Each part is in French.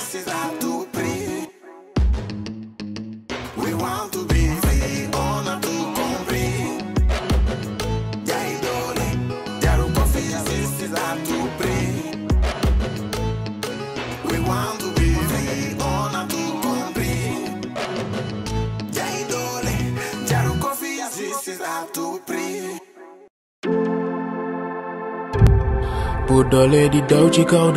this is how to pray. We want to be free, honor to cumprir. Dai dole, dar o confia, this is how to pray. We want to be free, honor to cumprir. Dai dole, dar o confia, this is how to pray. Put the lady down, she called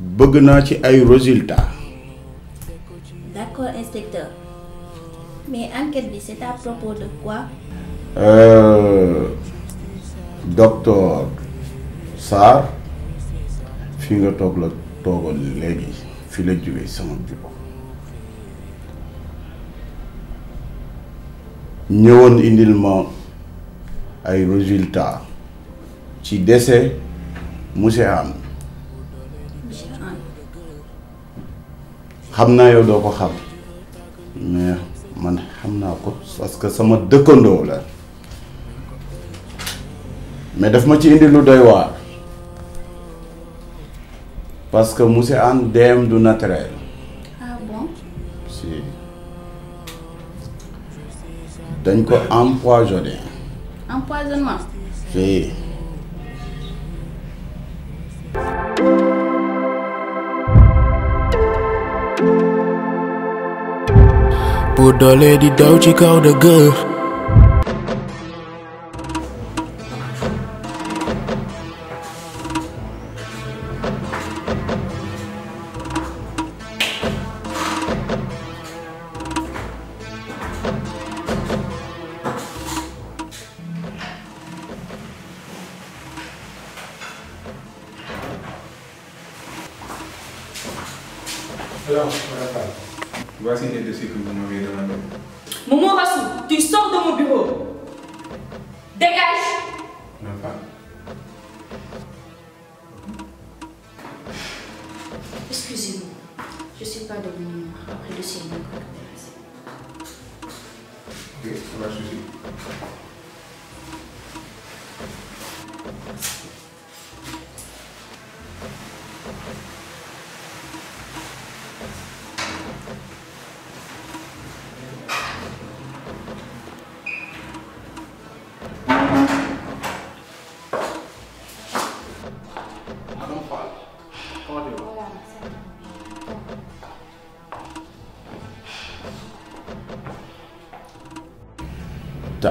bëgg naa ci ay résultats. d'accord inspecteur mais enquête bi c'est à propos de quoi. Euh, docteur Sarr fi nga toog la toogoon léegi fi la jógee sama bureau ñëwoon indil ma ay résultats ci décès monsieur Anne. xam naa yow doo ko xam mais man xam naa ko parce que sama dëkkandoo la mais daf ma ci indi lu doy waar parce que monsieur Anne deem du naturel. ah bon. dañ ko empoisonné. empoisonnement. si. put the lady down, she called the girl. Hello. Voici les dessus que vous m'avez demandé. Maman Rassou, tu sors de mon bureau.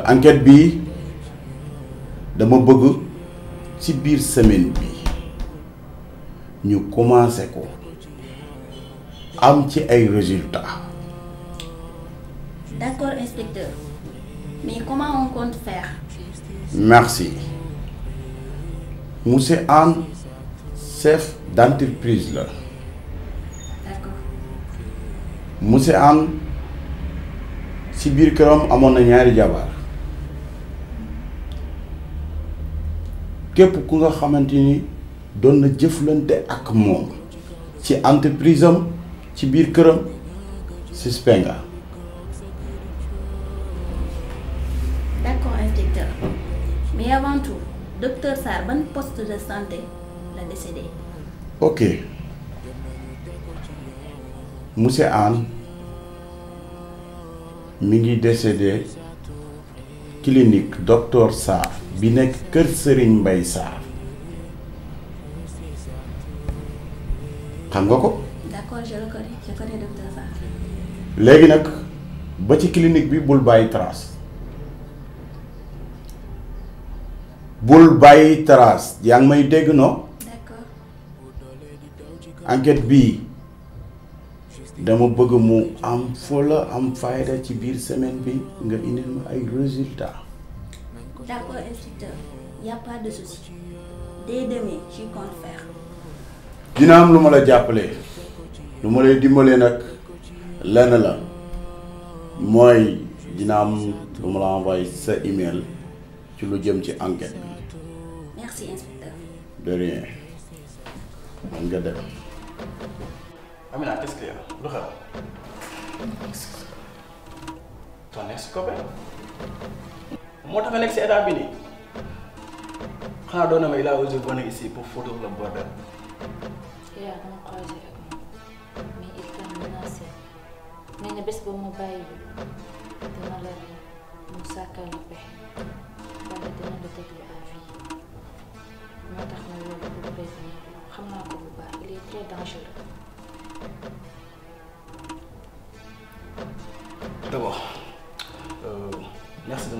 enquête bi dama bëgg ci biir semaine bi ñu commencé ko am ci ay résultats. D'accord, inspecteur. Mais comment on compte faire Merci. Monsieur Anne, chef d'entreprise là. D'accord. Monsieur Anne, si biir këram amoon na jabar képp ku nga xamante ni doon na jëflante ak moom ci entreprise am ci biir këram suspect nga. d'accord inspecteur mais avant ok monsieur Anne ngi décédé clinique docteur Sarr. bi nekk kër Serigne Mbaye Sarr xam nga ko. léegi nag ba ci clinique bi bul bàyyi trace bul bàyyi trace yaa ngi may dégg no d'accord bii dama bëgg mu am fula am fayda ci biir semaine bi nga indi ma ay résultats. D'accord, inspecteur, Il n'y a pas de souci. Dès demain, je compte faire. Dinam nous la déjà appelé. Nous lay dimbalee nag lenn la mooy dina am la envoyé sa email ci lu jëm ci enquête merci inspecteur. de rien man nga dem. Amina qu'est-ce qu'il y ton ex-copain. moo tax nekk si état bi nii xanaa doon na ma il a osé venir ici pour photo la bordel. yaa ma croisé ak moom mais il t' a menacé nee na bés boo ma bàyyi dina la rey mu sàkkal la pexe wala dina la déglu à vie moo il est très dangereux. d' abord.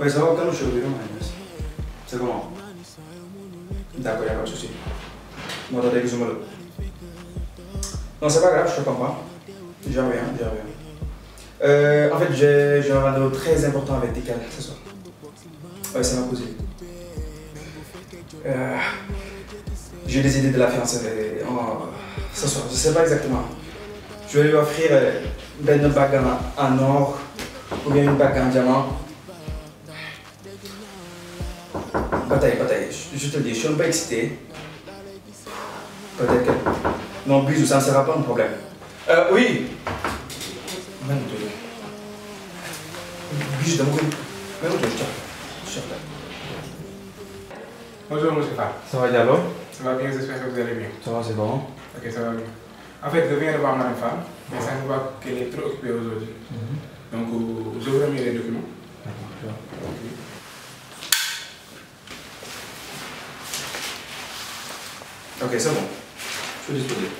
Ouais, ça va, il même, je C'est comment D'accord, a pas de souci. Non, attendez, Non, c'est pas grave, je te comprends. J'ai reviens, déjà rien. en fait, j'ai un rendez-vous très important avec Dical, ce soir. Oui, c'est m'a cousine. Euh, j'ai des idées de la fiancée oh, ce soir, je ne sais pas exactement. Je vais lui offrir euh, ben, une bague en, en or ou bien une bague en diamant. bataille, bataille. Je te dis, je suis un peu excité. Peut-être que. Non, bisous, ça ne sera pas un problème. Euh, oui Même deux. Bisous, d'amour. Même deux, je t'en Bonjour, monsieur Fah. Ça va, Diallo Ça va bien, j'espère que vous allez bien. Ça va, c'est bon. Ok, ça va bien. En fait, je viens de voir ma femme, mais ça ne voit qu'elle est trop occupée aujourd'hui. Mhm. Donc, euh, je vous remets les documents. D'accord. Okay. Ok, c'est bon. Je suis disponible.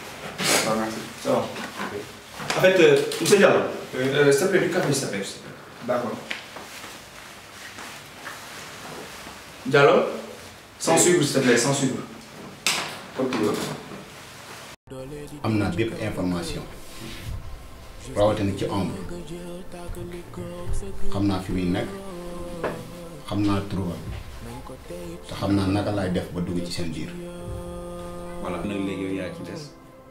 Ah, merci. Ça va. En fait, euh, Monsieur Diallo, c'est s'il te plaît, Lucas, s'il te D'accord. Diallo, sans suivre, s'il te plaît, sans suivre. Comme toujours. information ci ombre fi naka def ba ci voilà Nous léegi y qui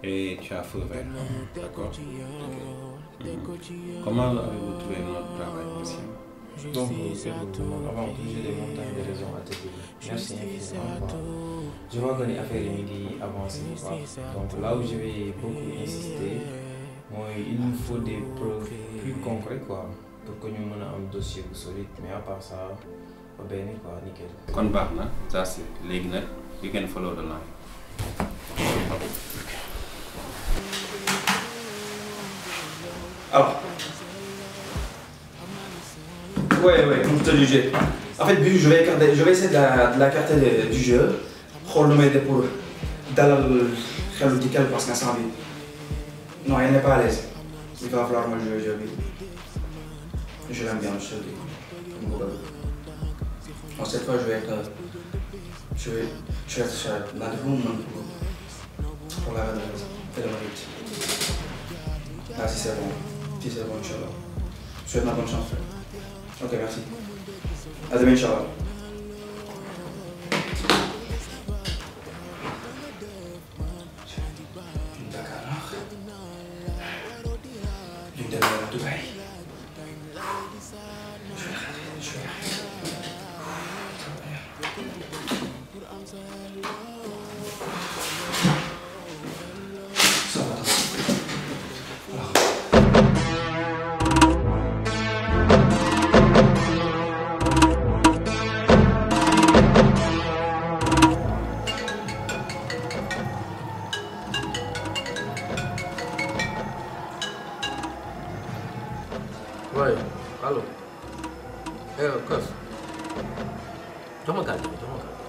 et tu as fait vert d'accord ok mhm. comment avez-vous trouvé notre travail possible donc avant tout j'ai des montagnes de raisons à te dire merci infiniment je vois que les affaires midi avant avancer quoi donc là où je vais beaucoup insister moi, il nous faut des preuves plus concrètes quoi pour que nous mën un dossier solide mais à part ça on bien..! quoi nickel. Quand baax ça c'est léegi Vous you can follow the alors. Ouais, ouais, Pour te te En fait, je vais, garder, je vais essayer de la, de la carte du jeu. le mes pour faire le décal parce qu'elle s'en Non, il n'est pas à l'aise. Il va falloir vais jouer, je Je l'aime bien, je te le Cette fois, je vais être je vais, Tu reste sur la ma room pour la maison, de le route..! Ah, si c'est bon, si c'est bon, Inch'Allah. Je souhaite ma bonne chance, frère. Ok, merci. À demain, Inch'Allah. Dakar, l'une des à Dubaï. Woi, halo. Eh, Gus. Cuma tadi, cuma tadi.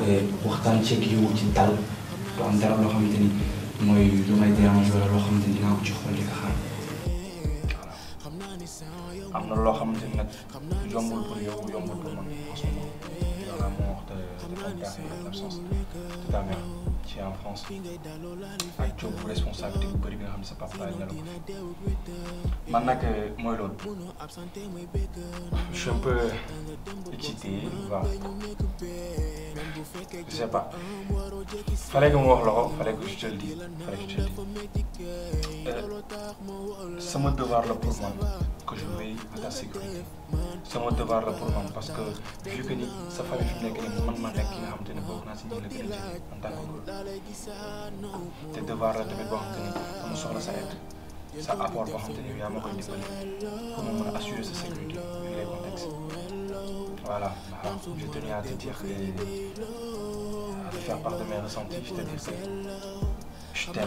Eh, waxtaan ceeg yow ci dal du am dara loo xamante ni mooy lu may dérange wala loo xamante ni dinaa ko ci xool di ko xaar am na loo xamante ni nag yombul pour yow yombul pour man dans l'amour de, de, ton père et l'absence de ta mère qui est en France ak coow responsabilité bu bëri bi nga xam sa papa la ko fi man nag mooy je suis un peu excité waaw je sais pas fallait que moi wax la fallait que je te le dise fallait que je te le dise c'est mon devoir le pour que je veille à ta sécurité. C'est mon devoir le pour parce que vu que sa famille de suis ne c'est a devoir devoir assurer sa sécurité dans le contexte. Voilà, je tenais à te dire que à te faire part de mes ressentis, je te je t'aime.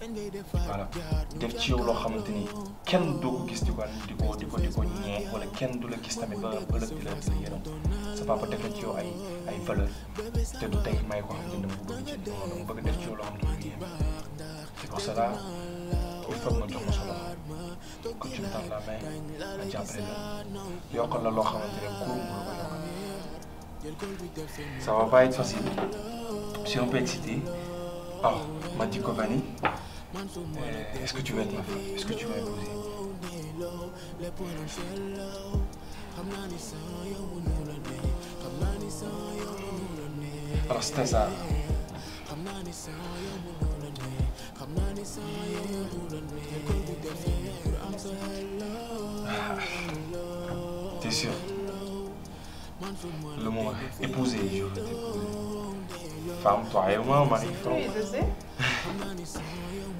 voilà def ci yow loo xamante ni kenn du ko gis di ko di ko di ko ñee wala kenn du la gis tamit ba ëllëg di la di yërëm sa papa def na ci yow ay ay valeur te du tey may ko xam ne dama def ci yow loo xamante ma sa loxo que tu me tends la main nga jàppale la yokkal la loo xamante ne kuur mu la ko yokkal ça va pas être facile Est-ce que tu veux être ma femme Est-ce que tu veux épouser Alors c'est ça. T'es sûr Le mot épouser, je veux Femme, toi et moi, on m'arrive. Oui, je sais.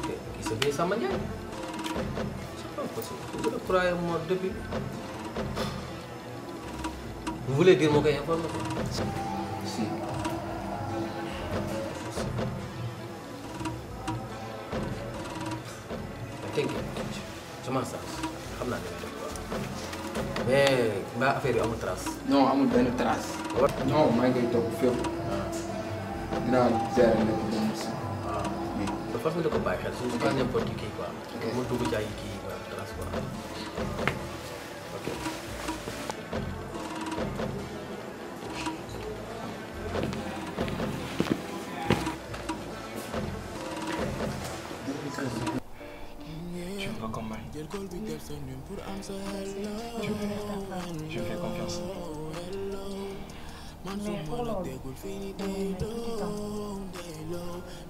Okay, sebelah sama je. Siapa pasal? Kau dah pernah yang mod debi? apa? nga affaire yi amul trace. non amul benn trace. non maa ngi koy topp fépp. eu gérer lépp lu mu não dafa mel ko bàyyi xel suñu ko quoi. quoi tu peux faire ta part je fais confiance. mais pour loolu da ngay mettre du temps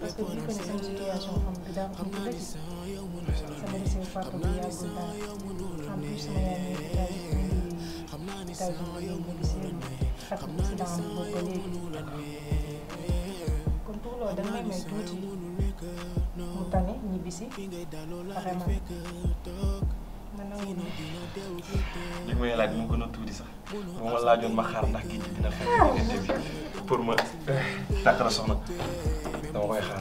parce que bu ñu connaissé une situation xam nga daa ko dëgg sama gis nga papa bi yàggul daal en plus sama yaay mi ngi États-Unis États-Unis mu gis yëpp ak accident am boobu ba léegi kon pour loolu da ngay may tuuti mu tane ñibbisi vraiment. li may laaj moo gën a tuuti sax bu ma laajoon ma xaar ndax géej gi dina fekk diggante bi pour ma takk eh, la soxna dama koy xaar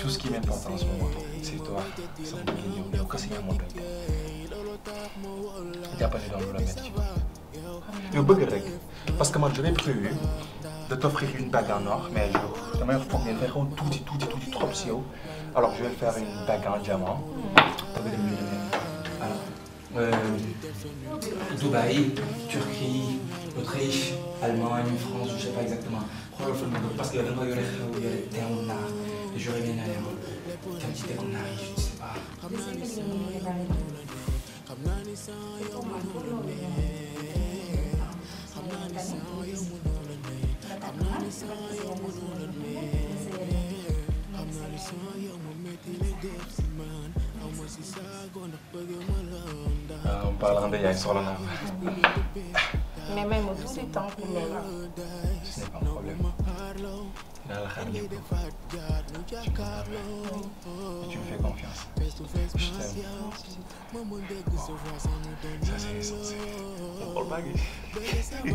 tout ce qui important en ce moment c'est toi sax mu ngi ñëw yow kese ñamoon rek jàppale doon lu la metti ci yow bëgg rek parce que man j'avais prévu de t'offrir une bague en or mais yow damay foog ne fexoon tuuti tuuti tuuti trop si yow alors je vais faire une bague en diamant euh, Dubaï, Turquie, Autriche, Allemagne, France, je sais pas exactement. Parce que vraiment, il y a des Et je Je quand il je ne sais pas parle parlant de sur le mais même tout tout temps pour ce n'est pas un problème. la tu me fais confiance. je t'aime. ça c'est essentiel. c'est pas.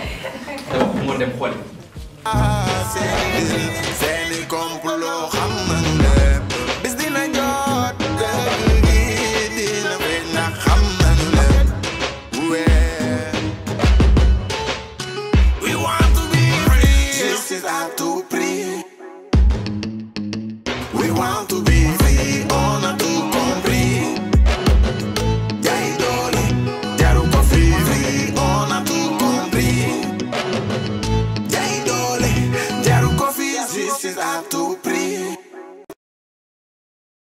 te wax ku ma dem xool.